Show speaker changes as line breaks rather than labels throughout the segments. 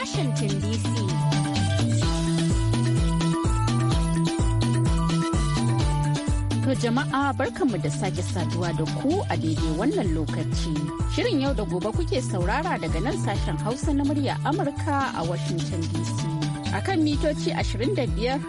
Washington DC. To jama'a barkanmu da sake saduwa da ku a daidai wannan lokaci. Shirin yau da gobe kuke saurara daga nan sashen Hausa na murya Amurka a Washington DC. Akan mitoci 25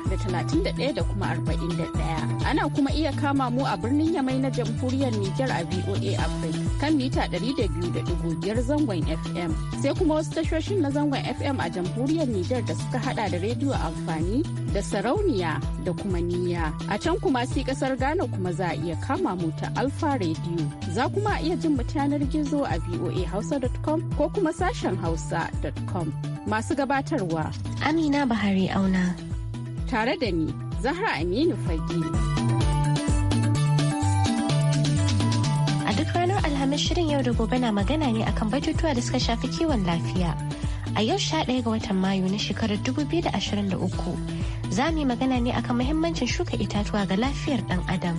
da 31 da kuma 41. Ana kuma iya kama mu a birnin Yamai na jamhuriyar Nijar a VOA Africa kan mita 200.5 zangon FM. Sai kuma wasu tashoshin na zangon FM a jamhuriyar Nijar da suka hada da rediyo amfani da sarauniya da kuma niya. A can kuma sai kasar Ghana kuma za a iya kama mu ta Alfa rediyo Za kuma iya jin mu yanar gizo a Hausa.com ko kuma sashen hausa.com. Masu gabatarwa. Amina Bahari Auna. Tare da ni, Zahra Aminu Fage. Alhamis shirin yau da gobe na magana ne akan batutuwa da suka shafi kiwon lafiya. A yau sha ɗaya ga watan Mayu na shekarar dubu biyu da da ashirin uku za mu yi magana ne akan muhimmancin shuka itatuwa ga lafiyar ɗan adam.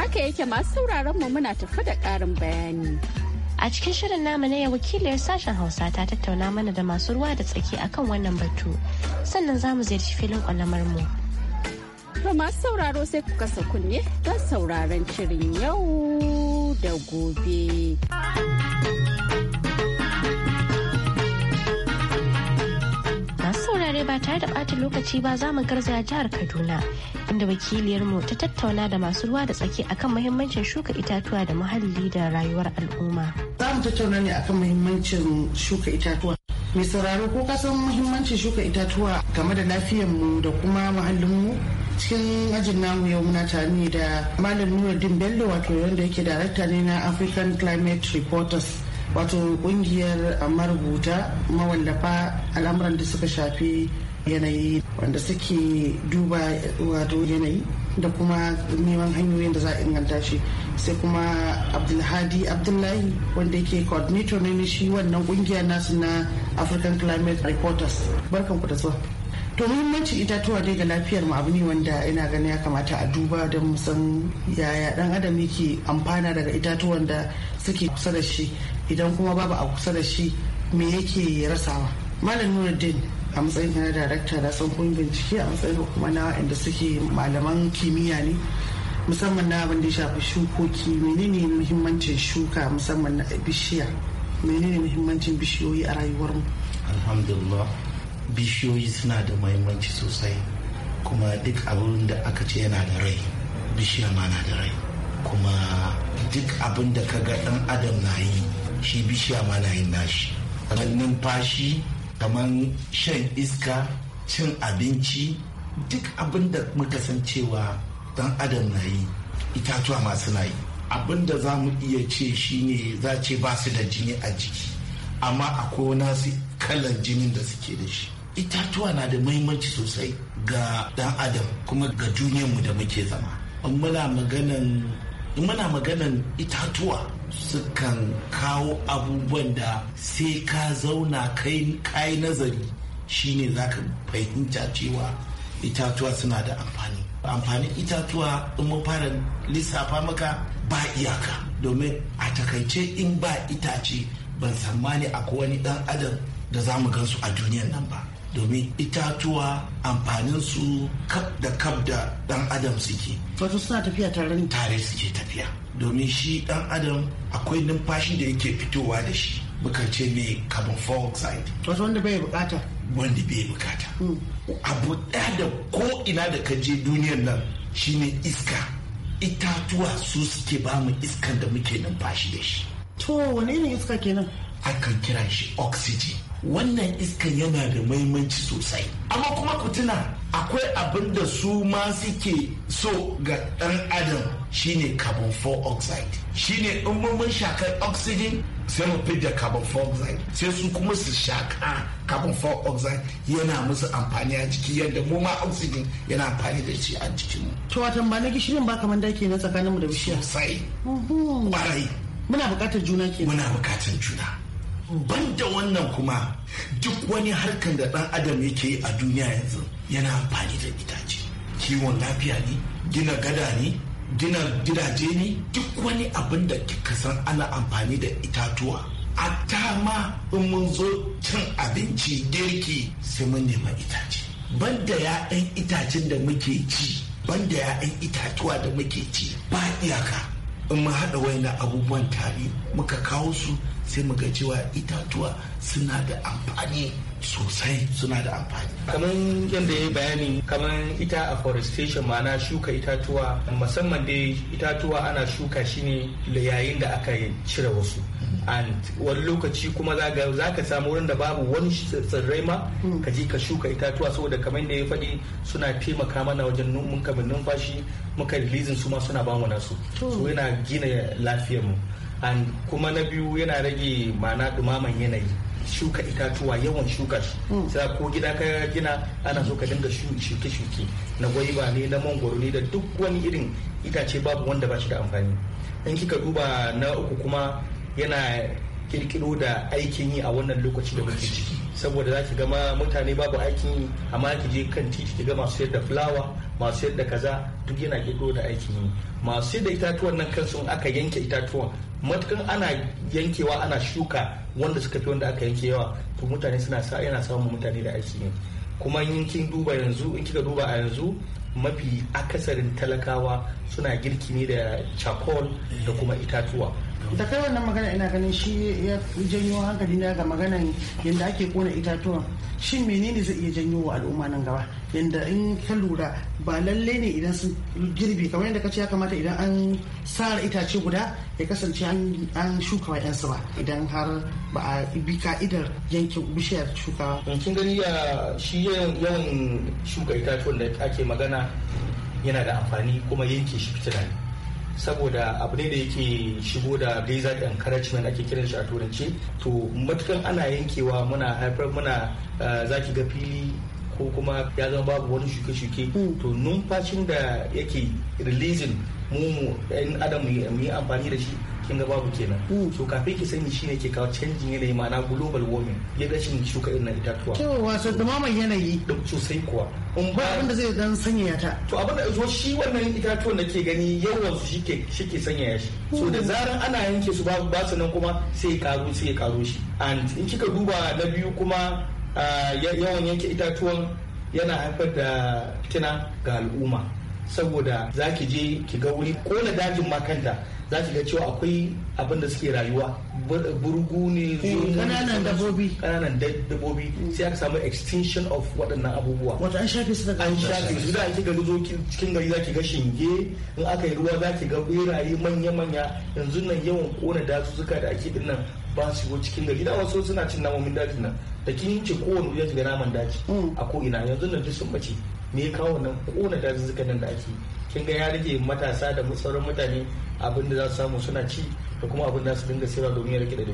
Haka yake masu sauraron mu muna tafi da ƙarin bayani. A cikin shirin namu na yau wakiliyar sashen Hausa ta tattauna mana da masu ruwa da tsaki akan wannan batu. Sannan za mu ziyarci filin kwalamar mu. masu sauraro sai ku kasa kunne don sauraron shirin yau da gobe. ba tare da ɓata lokaci ba za mu garzaya jihar Kaduna inda wakiliyarmu ta tattauna da masu ruwa da tsaki akan muhimmancin shuka itatuwa da muhalli
da rayuwar al'umma.
Za mu tattauna ne akan muhimmancin shuka itatuwa. Mai sauraro ko ka san muhimmancin shuka itatuwa game da lafiyar mu da kuma mu cikin ajin namu yau muna tare ne da malam nuruddin bello wato wanda yake darakta ne na african climate reporters wato kungiyar marubuta mawallafa al'amuran da suka shafi yanayi wanda suke duba wato yanayi da kuma neman hanyoyin da za a inganta shi sai kuma abdulhadi abdullahi wanda yake coordinator ne shi wannan kungiyar nasu na african climate reporters barkan ku da zuwa to muhimmancin itatuwa dai ga lafiyar mu abu ne wanda ina ganin ya kamata a duba don mu san yaya dan adam yake amfana daga itatuwan da suke kusa da shi idan kuma babu a kusa da shi me yake rasawa malam nuruddin a matsayin na darakta na san kun bincike a matsayin kuma na inda suke malaman kimiyya ne musamman na abin da ya shafi shukoki menene muhimmancin shuka musamman na bishiya menene muhimmancin bishiyoyi a rayuwar mu alhamdulillah bishiyoyi suna da muhimmanci sosai kuma duk abin da
aka ce yana da rai bishiya ma na da rai kuma duk abin da ka ga dan adam na yi shi bishiya ma na yin nashi kamar numfashi kamar shan iska cin abinci duk abin da muka san cewa dan adam na yi itatuwa masu na yi abin da za mu iya ce shine za ce ba su da jini a jiki amma akwai nasu kalan jinin da suke da shi itatuwa na da mahimmanci sosai ga dan adam kuma ga mu da muke zama in maganan itatuwa sukan kawo abubuwan da sai ka zauna kai nazari shine za ka fahimta cewa itatuwa suna da amfani amfanin itatuwa in mun fara lissafa maka ba iyaka domin a takaice in ba itace ban tsammani akwai wani dan adam da za mu gansu a duniyan nan ba domin itatuwa amfaninsu kaf da kaf da dan adam suke wato suna tafiya tare tare suke tafiya domin shi dan adam akwai numfashi da yake fitowa da shi mukan ce mai carbon dioxide wato wanda bai bukata wanda bai bukata hmm. abu ɗaya da ko ina da ka je duniyar nan shine iska itatuwa su suke ba mu iskan da muke numfashi da shi
to wane ne iska kenan
akan kira shi oxygen wannan iskan yana da mahimmanci sosai amma kuma ku akwai abin da su ma suke so ga ɗan adam shine carbon oxide shine in mun shakar oxygen sai mu fidda carbon oxide sai su kuma su shaka carbon oxide yana musu amfani a jiki yadda mu ma oxygen yana amfani da shi a
jikinmu. to a ba na gishirin ba kamar da ke na tsakaninmu da bishiya sai barai muna bukatar juna ke muna bukatar juna banda wannan kuma duk
wani harkar da ɗan adam yake a duniya yanzu yana amfani da itace kiwon lafiya ne gina gada ne gina gidaje ne duk wani abin da kika san ana amfani da itatuwa a ta ma in mun zo cin abinci girki sai mun nema itace banda ya'yan itacen da muke ci banda ya'yan itatuwa da muke ci ba iyaka in ma haɗa waina abubuwan tare muka kawo su sai muga cewa itatuwa suna da amfani sosai suna da amfani. kamar yadda ya yi bayani kamar ita a forestation ma'ana shuka itatuwa musamman dai itatuwa ana shuka shi ne yayin da aka cire wasu and wani lokaci kuma za ka samu wurin da babu wani tsirrai ma mm. ka ji ka shuka itatuwa saboda kamar da ya faɗi suna taimaka mana wajen muka min numfashi muka rilizin su ma suna bamu nasu so yana gina lafiyar mu and kuma na biyu yana rage mana dumaman yanayi shuka itatuwa yawan shuka shi mm. sai ko gida ka gina ana so ka dinga shuke shuke na gwaiba ne na mangwaro ne da duk wani irin itace babu wanda ba shi da amfani in kika duba na uku kuma yana kirkiro da aikin yi a wannan lokaci da muke ciki saboda za ki gama mutane babu aikin yi amma ki je kan titi ki ga masu yadda da fulawa masu yadda kaza duk yana kirkiro da aikin yi masu yadda itatuwan nan kansu aka yanke itatuwan matukan ana yankewa ana shuka wanda suka fi wanda aka yanke yawa to mutane suna sa yana samun mutane da aikin yi kuma in kin duba yanzu in kika duba a yanzu mafi akasarin talakawa suna girki ne da charcoal da kuma itatuwa
da kai wannan magana ina ganin shi ya janyo hankali na ga maganan yadda ake kona itatuwa. shin menene zai iya janyo wa al'umma nan gaba yadda in ka lura ba lalle ne idan sun girbi kamar yadda kace ya kamata idan an sara itace guda ya kasance an shuka wa yansu ba idan har ba a bi ka'idar yankin bishiyar shukawa.
kin gani ya shi yawan shuka itatuwan da ake magana yana da amfani kuma yanke shi fitina ne saboda abu ne da yake shigo da desert encouragement ake kiran shi a turanci to matukan ana yankewa muna haifar muna eh, zaki ga fili ko kuma ya zama babu wani shuke-shuke hmm. to numfashin da yake releasing mu in adam mu yi amfani da shi kin ga babu kenan hmm. so kafin ki sani shine ke kawo canjin yanayi ma'ana global warming ya rashin shuka irin itatuwa kewa wasu yanayi duk sosai kuwa ba abin da zai dan sanyaya ta to abinda da shi wannan itatuwan da ke gani
yawan su shike
shike sanyaya shi so da hmm. zaran ana yanke su ba su nan kuma sai ya karo sai ya karo shi and in kika duba na biyu kuma ah, yawan yanke itatuwan yana haifar da fitina ga al'umma saboda zaki je ki ga wuri kona dajin makanta za ga cewa akwai abin da suke rayuwa burgu ne kananan dabobi kananan dabobi sai aka samu extinction of waɗannan abubuwa Wata an shafe su daga an shafe su da ake gani zo cikin gari za ki ga shinge in aka yi ruwa za ki ga beraye manya manya yanzu nan yawan kona suka da ake dinnan ba su shigo cikin gari da wasu suna cin namomin dajin nan da kin ce kowane wuya ga naman daji mm. a ko ina yanzu nan duk sun bace me ya kawo nan kona dazuzzuka nan da ake kin ga ya rage matasa da sauran mutane abinda da za su samu suna ci da kuma
abinda su dinga sayarwa domin ya rike da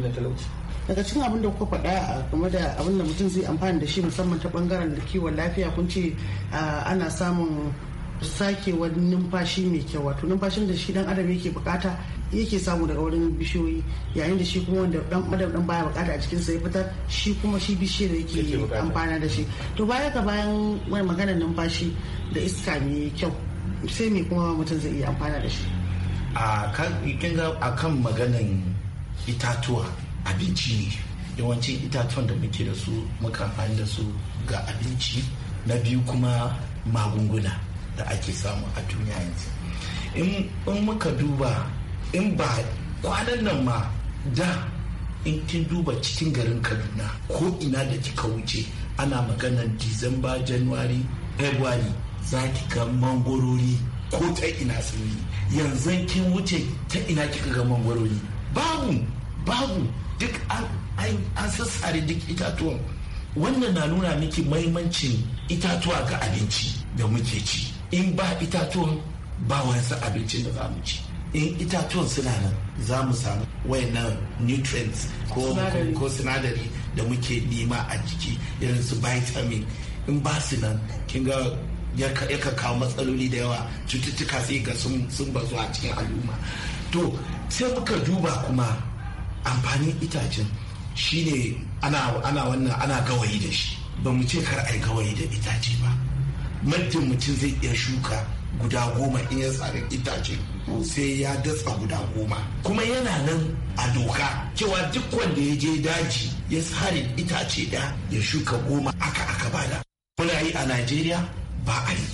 na talauci daga cikin abin da kuka faɗa game da abin da mutum zai amfani da shi musamman ta bangaren da kiwon lafiya kun ce ana samun sakewar numfashi mai kyau wato numfashin da shi dan adam yake bukata yake samu daga wurin bishiyoyi yayin da shi kuma wanda dan adam dan baya bukata a cikin sa ya fitar shi kuma shi bishiyar yake amfana da shi to baya ka bayan wani maganar numfashi da iska mai kyau sai me kuma mutum zai iya amfana da shi
a kan a kan maganan itatuwa abinci ne yawancin itatuwan da muke da su muka amfani da su ga abinci na biyu kuma magunguna da ake samu a duniya yanzu in muka duba in ba kwanan nan ma da in kin duba cikin garin kaduna ko ina da kika wuce ana maganar disamba januari february za ki ga mangwarori ko ta ina sun yi yanzu kin wuce ta ina kika ga mangwarori babu babu duk an sassare duk itatuwan wannan na nuna miki mahimmancin itatuwa ga abinci da muke ci in ba itatuwan ba wasu abincin da za mu ci in eh, itatuwan suna nan za mu samu wayannan nutrients ko sinadari da muke nema a jiki irin su vitamin in ba su nan kin ga yaka kawo matsaloli da yawa cututtuka sai ga sun bazu a cikin al'umma to sai muka duba kuma amfanin itacen shine ana ana wannan ana gawayi da shi ba mu ce kar ai gawayi da itace ba mutum mutum zai iya shuka guda goma in ya tsare itace sai ya datsa guda goma kuma yana nan a doka cewa duk wanda ya je daji ya tsare itace da ya shuka goma aka aka bada kuna yi a najeriya ba a
yi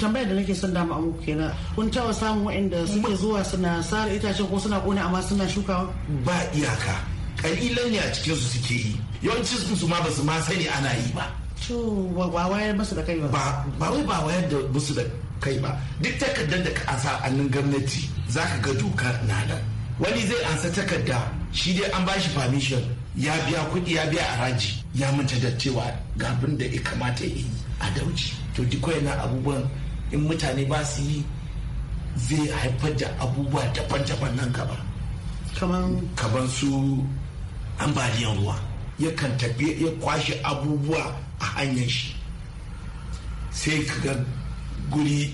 tambayar da nake son dama muku kenan kun taba samun waɗanda suke zuwa suna sare itacen ko suna kone amma suna shuka.
ba iyaka kalilan ne a cikin su suke yi yawanci su ma ba su ma sani ana yi ba
ba wayar musu da kai ba
ba wai ba wayar da musu da kai ba duk takardar da ka ansa annin gwamnati za ka ga doka na nan wani zai ansa takarda shi dai an bashi permission ya biya kuɗi ya biya araji ya manta da cewa ga abin da ya kamata ya yi a dauji to duk na abubuwan in mutane ba su yi zai haifar da abubuwa daban-daban nan gaba kaman su ambaliyan ruwa yakan tafi ya kwashe abubuwa a hanyar shi sai ka ga guri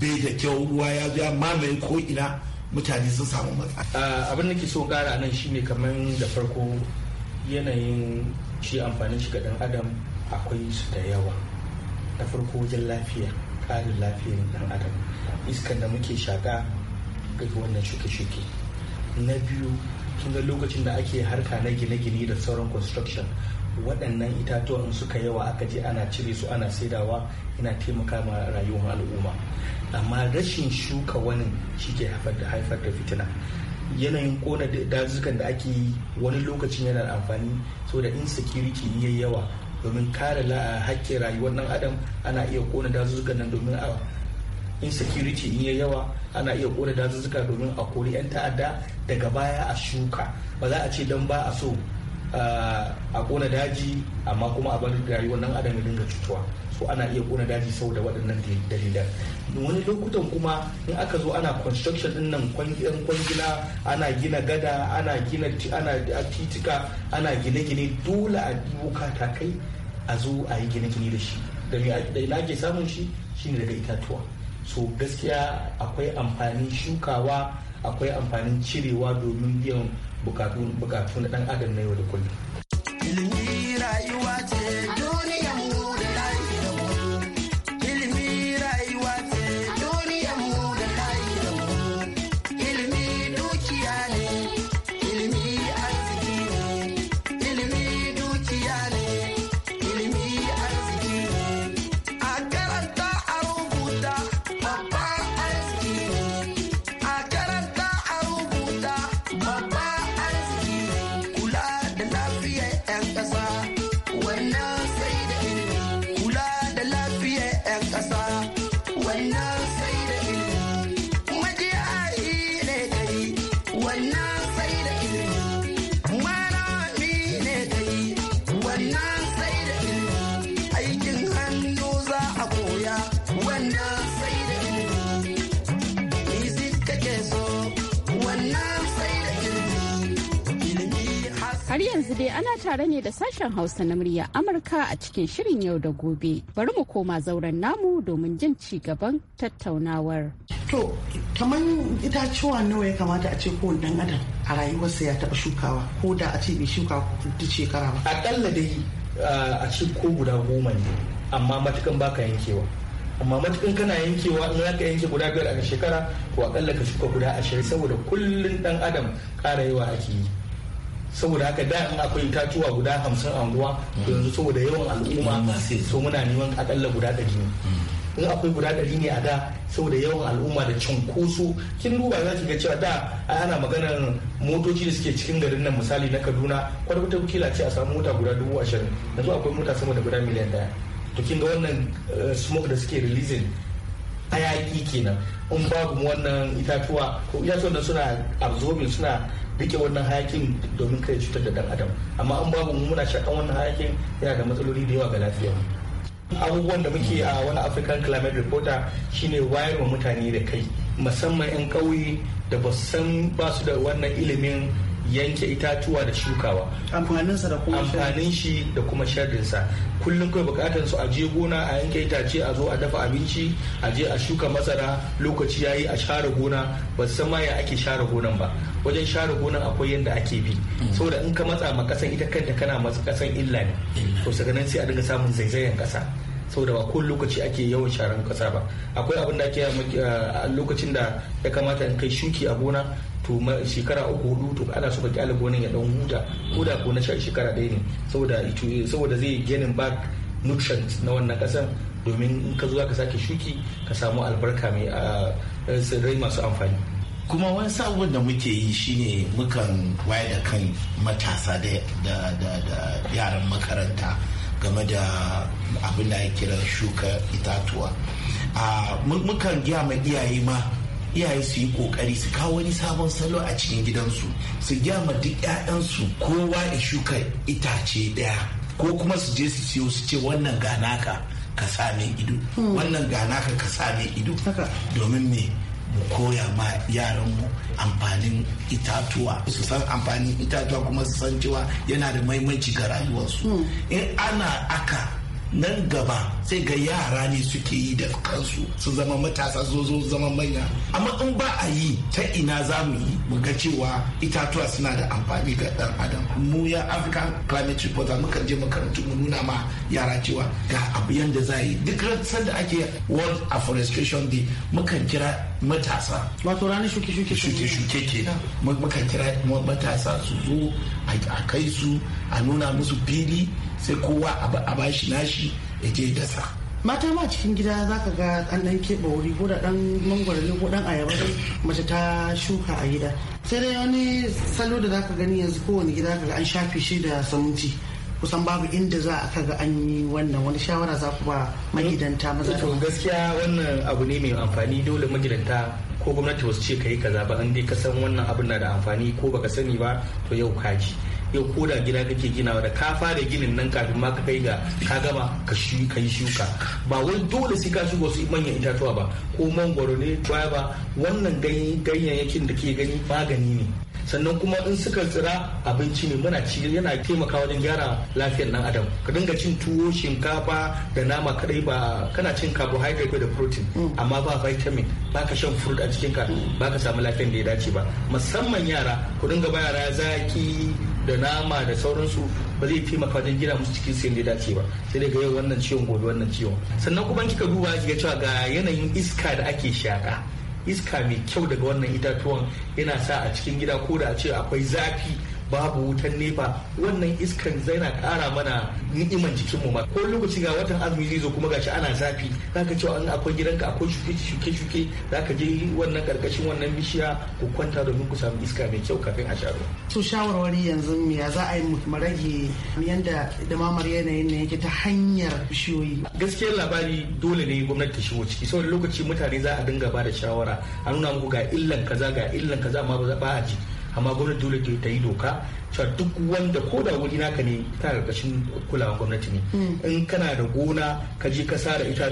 bai da kyau ruwa ya ja mamaye ko ina mutane sun samu matsala. abin da ke so kara nan shine kamar da farko yanayin shi amfanin shi ga dan adam akwai su da yawa da farko wajen lafiya karin lafiyar dan adam iskan da muke shaka ga wannan shuke-shuke na biyu kin ga lokacin da ake harka na gine-gine da sauran construction waɗannan itatuwan suka yawa aka je ana cire su ana saidawa yana taimaka ma rayuwar al'umma amma rashin shuka wani shi ke haifar da fitina yanayin kona dazukan da ake yi wani lokacin yana da amfani saboda in security ne yawa domin kare hakkin rayuwar nan adam ana iya kona dazukan nan domin a insecurity yawa ana iya kona dazuzzuka domin a kori 'yan ta'adda daga baya a shuka ba za a ce don ba a so a kona daji amma kuma a bar rayuwar nan adam ya dinga cutuwa so ana iya kona daji saboda waɗannan dalilan wani lokutan kuma in aka zo ana construction din nan kwangila ana gina gada ana gina titika ana gine-gine dole a duka katakai a zo a yi gine-gine da shi da ina ke samun shi shine daga itatuwa so gaskiya akwai amfanin shukawa akwai amfanin cirewa domin biyan bukatu na dan adam na yau da kullum
yanzu dai ana tare ne da sashen Hausa na murya Amurka a cikin shirin yau da gobe. Bari mu koma zauren namu domin jin ci gaban
tattaunawar. To, kamar itacuwa nawa ya kamata a ce ko dan adam a rayuwarsa ya taɓa shukawa ko da a ce bai shuka duk shekara ba. Akalla dai
ah, a ce ko guda goma ne amma matukan baka yankewa. amma matukan kana yankewa in ka yanke guda biyar a shekara ko akalla ka shuka guda ashirin saboda kullum dan adam ƙara yawa ake yi saboda haka da in akwai itatuwa guda hamsin a yanzu saboda yawan al'umma so muna neman akalla guda ɗari ne hmm. in akwai guda ɗari ne a da saboda yawan al'umma da cunkoso kin duba za ki ga cewa da ana maganar motoci da suke cikin garin nan misali na kaduna kwarkwata kila ce a samu mota guda dubu ashirin yanzu akwai mota sama da guda miliyan daya to kin ga wannan eh, smoke da suke releasing hayaki kenan in babu wannan itatuwa ko itatuwan suna absorbing suna rike wannan hayakin domin kai cutar da dan adam amma an babu muna shakan wannan hayakin yana da matsaloli da yawa ga lafiya abubuwan da muke a wani african climate reporter shine wayar wa mutane da kai musamman 'yan kauye da ba san ba su da wannan ilimin yanke itatuwa da shukawa sa da kuma amfanin shi da kuma sharrinsa kullum kai bukatar su a je gona a yanke itace a zo a dafa abinci a je a shuka masara lokaci yayi a share gona ba san ma ya ake share gonan ba wajen share gonan akwai yadda ake bi saboda in ka matsa ma kasan ita kanta kana masu kasan illa ne to nan sai a dinga samun zaizayen kasa saboda ba kowane lokaci ake yawan sharan kasa ba akwai abin da ake a lokacin da ya kamata in kai shuki a gona to shekara uku hudu to ana so ka kyale gonan ya dan huta ko da ko na shekara ɗaya ne saboda saboda zai ganin back nutrients na wannan kasan domin in ka zo ka sake shuki ka samu albarka mai tsirrai masu amfani kuma wani sabon da muke yi shine mukan wayar da kan matasa da yaran makaranta game da abin da ya kira shuka itatuwa mukan gya ma iyaye ma iyaye su yi kokari su kawo wani sabon salo a cikin gidansu su gyama ma duk 'ya'yansu kowa ya shuka itace daya ko kuma su je su siyo su ce wannan ganaka ka same ido hmm. wannan ganaka ka same ido domin me koya ma yaranmu amfanin itatuwa su san amfanin itatuwa kuma su san cewa yana da maimanci ga rayuwarsu hmm. in ana aka nan gaba sai ga yara ne suke yi da kansu su zama matasa zo zo zama manya amma in ba a yi ta ina za mu yi mu ga cewa itatuwa suna da amfani ga dan adam mu ya african climate report mu muka je makarantu mu nuna ma yara cewa ga abu yanda za yi duk da ake world afforestation day kan kira matasa wato ranar shuke shuke shuke shuke ke kan kira matasa su zo a kai su a nuna musu fili sai kowa a bashi nashi ya je dasa
mata ma cikin gida za ka ga an dan keɓe wuri ko da ɗan mangwaro ne ko dan ayaba ne mace ta shuka a gida sai dai wani salo da za ka gani yanzu kowane gida ka ga an shafe shi da samunci kusan babu inda za a kaga an yi wannan wani shawara za ku ba magidanta maza to
gaskiya wannan abu ne mai amfani dole magidanta ko gwamnati wasu ce ka yi kaza ba an dai ka san wannan abu na da amfani ko baka sani ba to yau kaji yau ko da gida kake ginawa da ka fara ginin nan kafin ma ka kai ga ka gama ka yi shuka ba wai dole sai ka shiga su manyan itatuwa ba ko mangwaro ne ba wannan ganyayyakin da ke gani magani ne sannan kuma in suka tsira abinci ne muna ci yana taimaka wajen gyara lafiyar dan adam ka dinga cin tuwo shinkafa da nama kadai ba kana cin carbohydrate da protein amma ba vitamin ba ka shan fruit a jikinka ba ka samu lafiyar da ya dace ba musamman yara ku dinga ba yara zaki da nama da sauransu ba zai taimaka wajen gina musu cikin sayan da ya dace ba sai daga yau wannan ciwon gobe wannan ciwon sannan kuma kika duba kika cewa ga yanayin iska da ake shaka iska mai kyau daga wannan itatuwan yana sa a cikin gida ko da a ce akwai zafi babu wutan nefa wannan iskan zai na kara mana ni'iman mu ma ko lokaci ga watan azumi zai zo kuma gashi ana zafi zaka ce an akwai gidanka akwai shuke shuke shuke zaka je wannan karkashin wannan bishiya ku kwanta domin ku samu iska mai kyau kafin a sha ruwa
to shawarwari yanzu me ya za a yi mu rage yanda dumamar yanayin ne yake ta hanyar bishiyoyi
gaskiyar labari dole ne gwamnati ta shigo ciki saboda lokaci mutane za a dinga bada shawara a nuna muku ga illan kaza ga illan kaza amma ba a ji amma gwamnati dole ta yi doka cewa duk wanda ko da wuri naka ne ta karkashin kulawa gwamnati ne hmm. in kana da gona ka je ka sare ka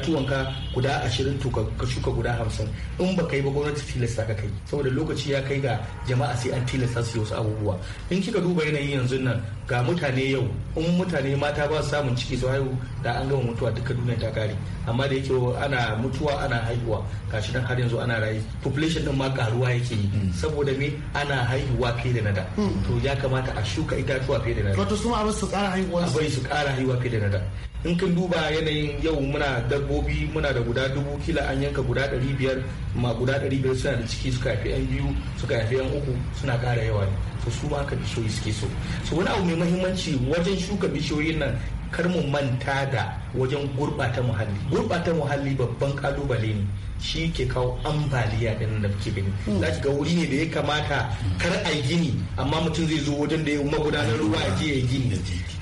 guda ashirin to ka shuka guda hamsin in ba ka yi ba gwamnati tilasta ka kai saboda lokaci ya kai ga jama'a sai an tilasta su wasu abubuwa in kika duba yanayi yanzu nan ga mutane yau in mutane mata ba su samun ciki su haihu da an gama mutuwa duka duniya ta kare amma da yake ana mutuwa ana haihuwa gashi nan har yanzu ana rayu population din ma karuwa yake yi hmm. saboda me ana haihuwa fiye da nada hmm. to ya kamata a shuka itatuwa fiye da na da wato
su ma su kara haihuwa su su
kara haihuwa fiye da na da in kan duba yanayin yau muna dabbobi muna da guda dubu kila an yanka guda ɗari biyar ma guda ɗari biyar suna da ciki suka haifi yan biyu suka haifi yan uku suna kara yawa ne to su ma ka bishiyoyi suke so so wani abu mai muhimmanci wajen shuka bishiyoyin nan kar mu manta da wajen gurɓata muhalli gurɓata muhalli babban kalubale ne shi ke kawo ambaliya din da muke gani hmm. za ga wuri ne da ya kamata kar a yi gini amma mutum zai zo wajen da ya magudanar ruwa ya je ya gini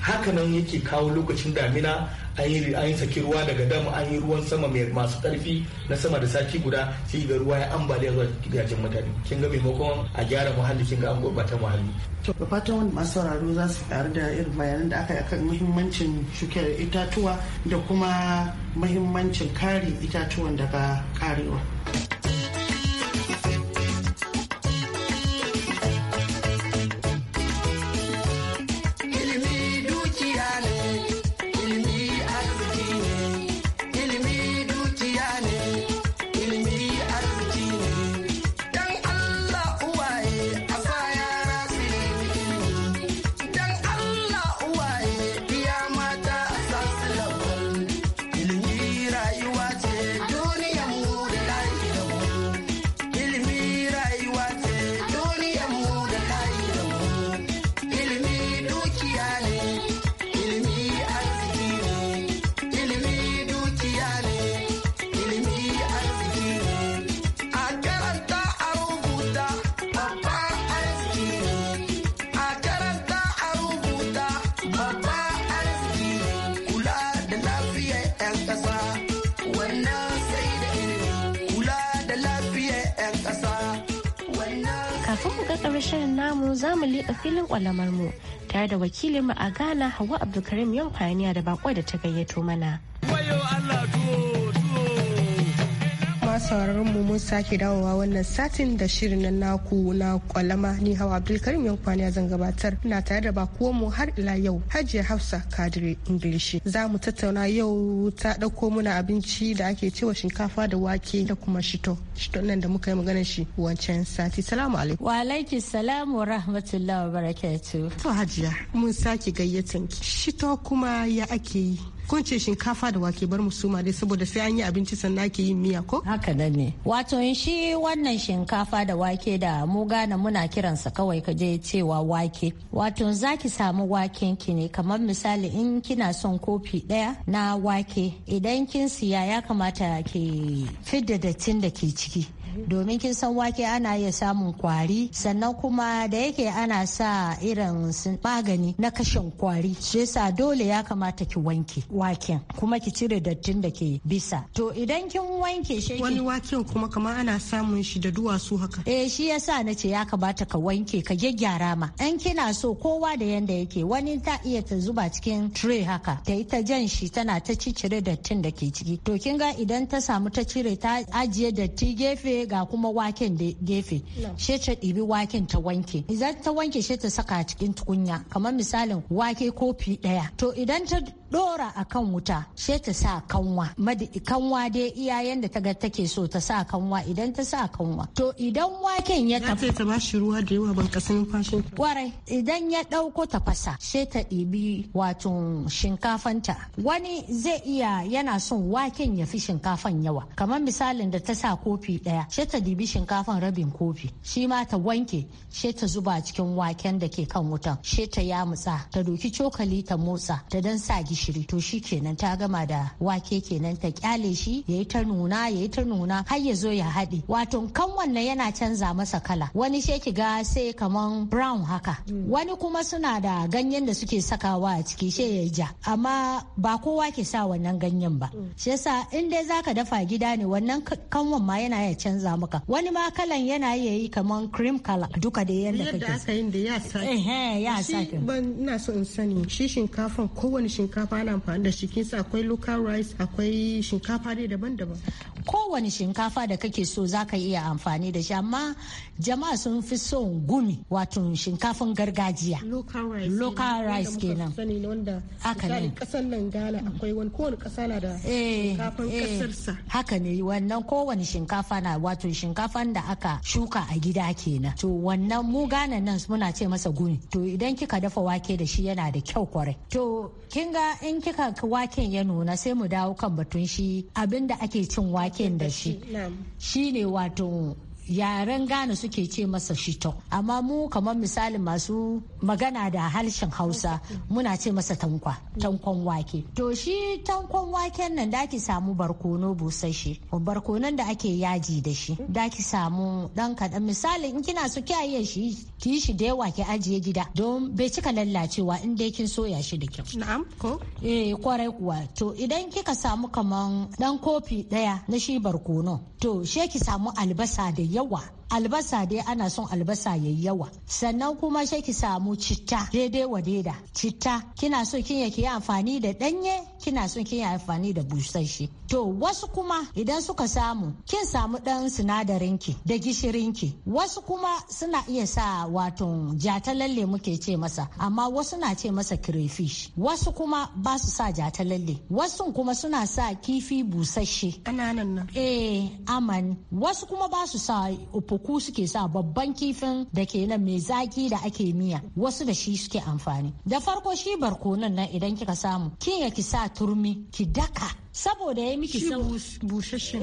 hakanan yake kawo lokacin damina an yi saki ruwa daga dam an yi ruwan sama mai masu karfi na sama da sati guda sai ga ruwa ya ambaliya zuwa gidajen mutane kin ga maimakon a gyara muhalli kin ga an gurbata
muhalli to ba fatan wani masu sauraro za su karu da irin bayanan da aka yi akan muhimmancin shukar itatuwa da kuma muhimmancin kare itatuwan daga karewa
shirin namu zamu mu liƙa filin kwalamar mu tare da wakilinmu a Ghana Hauwa Abdulkarim Yankwaniya da bako da ta gayyato mana. Wayo Allah tuwo.
sauraron mu mun sake dawowa wannan satin da shirin nan naku na kwalama ni hawa Abdulkarim kwana zan gabatar na tare da bakuwan mu har ila yau Hajiya Hafsa Kadiri Ingilishi. Za mu tattauna yau ta dauko muna abinci da ake cewa shinkafa da wake da kuma shito. Shito nan da muka yi magana shi wancan sati. Salamu alaikum. Wa alaikum salam wa rahmatullahi wa barakatuh. To Hajiya mun sake gayyatan ki. Shito kuma ya ake yi ko ce shinkafa da wake bar mu suma dai saboda sai an yi abinci sannan ake yin miya ko haka nan ne
wato shi wannan shinkafa da wake da mu gane muna kiransa kawai ka je cewa wake wato zaki samu waken ki ne kamar misali in kina son kofi daya na wake idan kin siya ya kamata ki fidda dattin da ke ciki domin kin san wake ana iya samun kwari sannan kuma da yake ana sa irin magani na kashin kwari shi yasa dole ya kamata ki wanke waken kuma ki cire dattin da ke bisa to idan kin wanke shi wani waken kuma kamar ana samun shi da duwatsu haka eh shi yasa na ce ya kamata ka wanke ka gyaggyara ma an kina so kowa da yanda yake wani ta iya ta zuba cikin tray haka ta ita jan shi tana ta cire dattin da ke ciki to kin ga idan ta samu ta cire ta ajiye datti gefe ga kuma waken da gefe she ta ɗibi waken ta wanke idan ta wanke she ta saka cikin tukunya kamar misalin wake kofi ɗaya to idan ta dora a kan wuta sai ta sa kanwa kanwa dai iya yanda ta ga take so ta sa kanwa idan ta sa kanwa to idan waken ya ta ta
ba shi ruwa da yawa ban kasan fashin
kwarai idan ya dauko fasa sai ta ɗibi wato shinkafanta wani zai iya yana son waken ya fi shinkafan yawa kamar misalin da ta sa kofi ɗaya sai ta dibi shinkafan rabin kofi shi ma ta wanke she ta zuba cikin waken da ke kan wutan sai ta mutsa ta doki cokali ta motsa ta dan sa gishiri to shi kenan ta gama da wake kenan ta kyale shi yayi ta nuna yayi ta nuna har ya zo ya haɗe wato kan wannan yana canza masa kala wani sai ki ga sai kaman brown haka wani kuma suna da ganyen da suke sakawa a ciki shi ya ja amma ba kowa ke sa wannan ganyen ba shi yasa in dai zaka dafa gida ne wannan kanwan ma yana ya canza canza maka wani ma kalan yana yayi kaman cream kala duka da yadda kake yadda aka
yin da ya sake eh ya sake ban ina so in sani shi shinkafa kowane shinkafa ana amfani da shi sa akwai local rice akwai shinkafa dai daban-daban kowane shinkafa da
kake so zaka iya amfani da shi amma jama'a sun fi son gumi wato shinkafan gargajiya
local rice kenan haka ne kasar nan gala akwai wani kowane kasa na da eh, shinkafan kasarsa
eh. haka ne wannan kowane shinkafa na wato shinkafan da aka shuka a gida kenan to wannan mu gane nan muna ce masa guni to idan kika dafa wake da shi yana da kyau kwarai to kin ga in kika waken ya nuna sai mu dawo kan batun shi abin da ake cin waken da shi shine wato yaren Ghana suke ce masa shito amma mu kamar misali masu magana da harshen hausa muna ce masa tankwa tankon wake to shi tankon waken nan da ki samu barkono busasshe barkonon da ake yaji da shi da ki samu dan kaɗan misali in kina so kiyaye shi ki shi da yawa ki ajiye gida don bai cika lallacewa in dai kin soya shi da kyau na'am ko eh kwarai kuwa to idan kika samu kaman dan kofi daya na shi barkono to she ki samu albasa da 一晚。albasa dai ana son albasa yayi yawa sannan kuma sai ki samu citta daidai wa daida citta kina so kin ya ki amfani da danye kina so kin ya amfani da busasshe to wasu kuma idan suka samu kin samu dan sinadarin ki da gishirin ki wasu kuma suna iya sa wato jatalalle muke ce masa amma wasu na ce masa crayfish wasu kuma ba su sa jatalalle wasu kuma suna sa kifi busasshe kananan nan eh aman wasu kuma ba su sa teku suke sa babban kifin da ke nan mai zaki da ake miya wasu da shi suke amfani da farko shi barkonon nan idan kika samu kin ya ki sa turmi ki daka saboda ya miki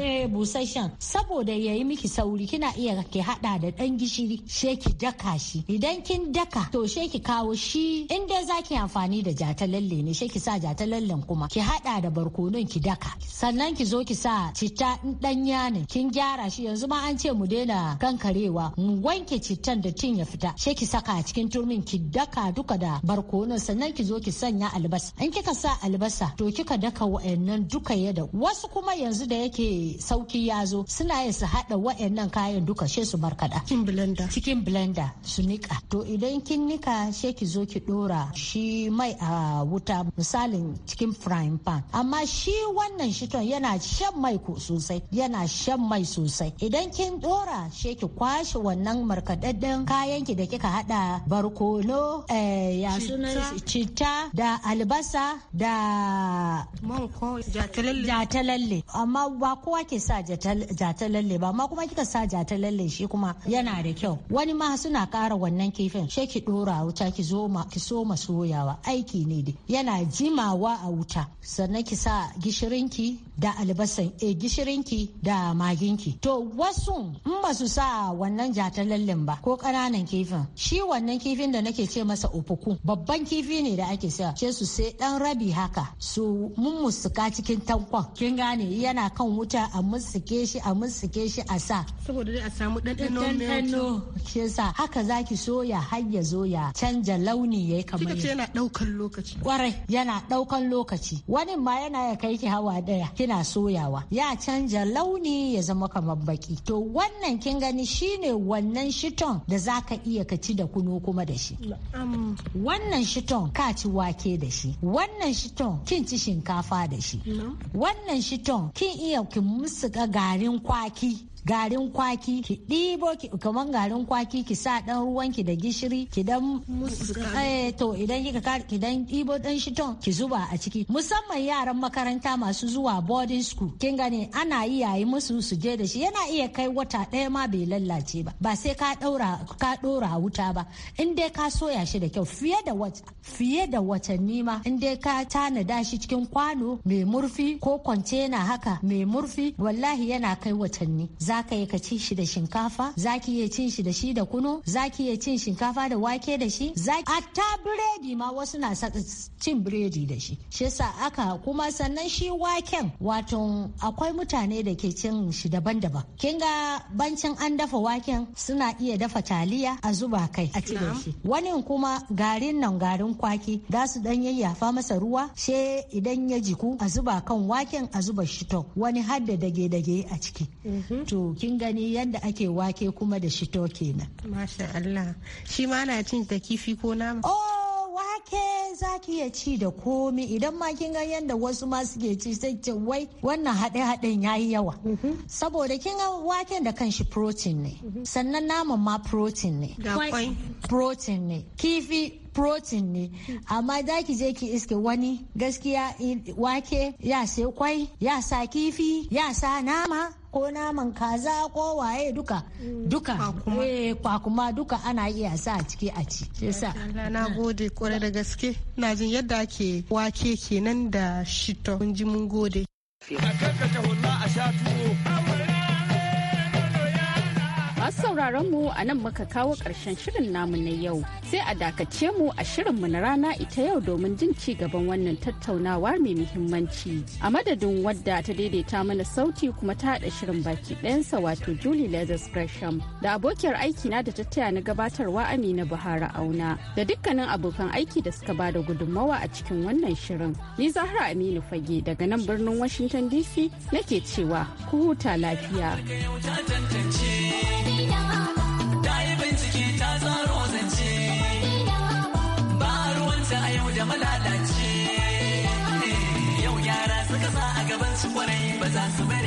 eh, busasshen saboda ya miki sauri kina iya ki hada da dan gishiri she ki daka shi idan kin daka to she ki kawo shi in dai zaki amfani da jata lalle ne she ki sa jatalallen kuma ki hada da barkonon ki daka sannan ki zo ki sa citta in danya ne kin gyara shi yanzu ma an ce mu daina kankarewa mu wanke cittan da tin ya fita she ki saka a cikin turmin ki daka duka da barkonon sannan ki zo ki sanya albasa in kika sa albasa to kika daka wa'annan duka da wasu kuma yanzu da yake sauki ya zo suna yin su haɗa wa'annan kayan duka she su markaɗa. Cikin blender. Cikin blender su nika. To idan kin nika she ki zo ki ɗora shi mai a wuta misalin cikin frying pan. Amma shi wannan shiton yana shan mai ko sosai yana shan mai sosai. Idan kin ɗora she ki kwashe wannan markaɗaɗɗen kayan ki da kika haɗa barkono eh, ya sunan citta da albasa da ko
jatalalle jatalalle
amma ba kowa ke sa jatalalle ba amma kuma kika sa jatalalle shi kuma yana da kyau wani ma suna kara wannan kifin sai ki dora wuta ki zo ma ki so soyawa aiki ne dai yana jimawa a wuta sannan ki sa gishirinki da albasan eh gishirinki da magin ki. to wasu in ba su sa wannan jatalallen ba ko ƙananan kifin shi wannan kifin da nake ce masa ofuku babban kifi ne da ake sa ce su sai dan rabi haka su mummusa sussuka cikin tankon kin gane yana kan wuta a mutsuke shi a mutsuke shi a sa
saboda dai a samu ɗanɗano
shi yasa haka zaki soya har ya zo ya canja launi yayi kamar kika yana
ɗaukan lokaci
kwarai yana ɗaukan lokaci wani ma yana ya kai ki hawa daya kina soyawa ya canja launi ya zama kamar baki to wannan kin gani shine wannan shiton da zaka iya ka ci da kuno kuma da shi wannan shiton ka ci wake da shi wannan shiton kin ci shinkafa da shi wannan shiton kin iya ki musu garin kwaki garin kwaki ki ɗibo kaman garin kwaki ki sa ɗan ruwan ki da gishiri ki dan eh, to idan kika ki dan ɗibo ɗan shiton ki zuba a ciki musamman yaran makaranta masu zuwa boarding school kin gane ana iya yi musu su je da shi yana iya kai wata ɗaya ma bai lallace ba ba sai ka ɗaura ka ɗora wuta ba in dai ka soya shi da kyau fiye da wata fiye da watanni ma in dai ka tanada shi cikin kwano mai murfi ko kwantena haka mai murfi wallahi yana kai watanni za zaka ka yi ka ci shi da shinkafa zaki iya cin shi da shi da kuno zaki iya cin shinkafa da wake da shi zaki. a ta biredi ma wasu na cin biredi da shi shi yasa aka kuma sannan shi waken wato akwai mutane da ke cin shi daban-daban kin ga bancin an dafa waken suna iya dafa taliya a zuba kai a ci shi wani kuma garin nan garin kwaki za su dan yayyafa masa ruwa she idan ya jiku a zuba kan waken a zuba shi wani har da dage-dage a ciki
mm-hmm. to
kin gani yadda ake wake kuma da shito kenan
masha Allah shi ma ana cin da kifi ko nama oh
wake ki iya ci da komi idan ma kin ga yadda wasu ma suke ci sai ce wai wannan haɗe haɗen yi yawa mm-hmm. saboda kin ga waken da kanshi protein ne mm-hmm. sannan naman ma protein ne protein ne kifi protein ne amma da ki je ki iske wani gaskiya wake ya sai kwai ya sa kifi ya sa nama ko naman kaza
ko waye duka duka kwakuma eh, duka ana iya sa a ciki a ci yasa na gode kore da gaske na jin yadda ake wake kenan da shito kun ji mun gode
a kakkata wallahi a sha tuwo
sauraron mu a nan muka kawo ƙarshen shirin namu na yau. Sai a dakace mu a shirinmu na rana ita yau domin jin ci gaban wannan tattaunawa mai muhimmanci. A madadin wadda ta daidaita mana sauti kuma ta haɗa shirin baki ɗayansa wato Julie Leathers Gresham da abokiyar aiki na da ta na gabatarwa Amina Buhari Auna da dukkanin abokan aiki da suka bada gudunmawa a cikin wannan shirin. Ni Zahra Aminu Fage daga nan birnin Washington DC nake cewa ku huta lafiya.
yau da malalaci eh, yau yara suka sa a gaban su kwarai ba za su bai